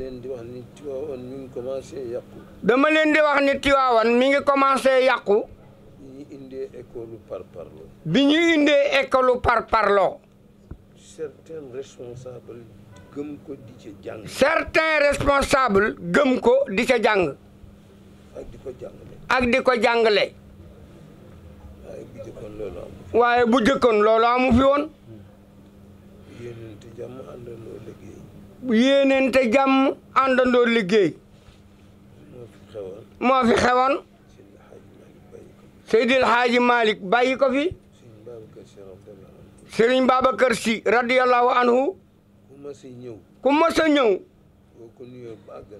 leen di wax ni Tiwaawan dama leen di wax ni Tiwaawan mi ngi commencé yàqu. bi ñu indee école par bi ñu indee école par parlo. certains responsables gëm ko di ca jàng. certains responsables gëm ko di ca jàng. ak di ko jàngale. ak waaye bu jëkkoon loolu amu fi woon. yéenente jàmm àndandoo liggéey. yéenente jàmm àndandoo liggéey. moo fi xewoon. moo fi xewoon. Seydil Hadji Malick ko fi. Serigne Babacar radiyallahu anhu. ku ma sa ñëw. ku ma sa ñëw.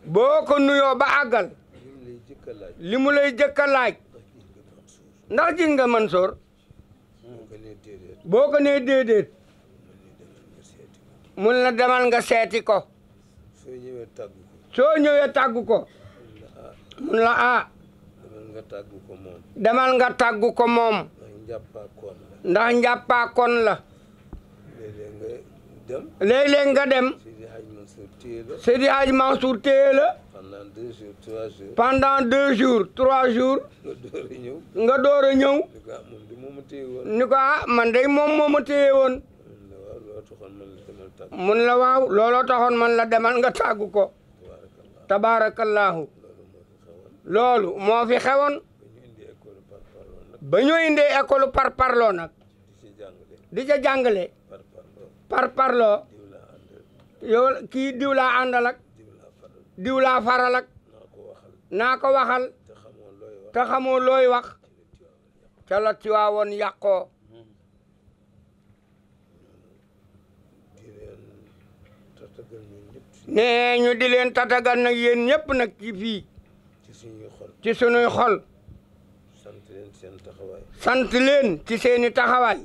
boo ko nuyoo ba àggal. li mu lay jëkk ndax gis nga boo ko nee déedéet. mun na demal nga seeti ko soo ñëwee tàggu ko soo ñëwee tàggu ko la ah demal nga tàggu ko moom demal nga tàggu ko moom ndax njàppaa kon la léeg-léeg nga dem Seydi Hadj Mansour téye la pendant deux jours trois jours pendant deux jours trois jours nga door a ñëw ah, ko ah man day moom moo ma woon mun la waaw looloo taxoon man la demal nga tàggu ko tabaarakallaahu loolu moo fi xewoon ba ñu indee école di ca jàngale par parloo yow kii diw laa àndal laa faral naa ko waxal te xamoo looy wax ca la Tiwaawoon yàqoo nee ñu di leen tatagal nag yéen ñëpp nag ci fii ci suñuy xol ci suñuy xol sant seen taxawaay sant leen ci seeni taxawaay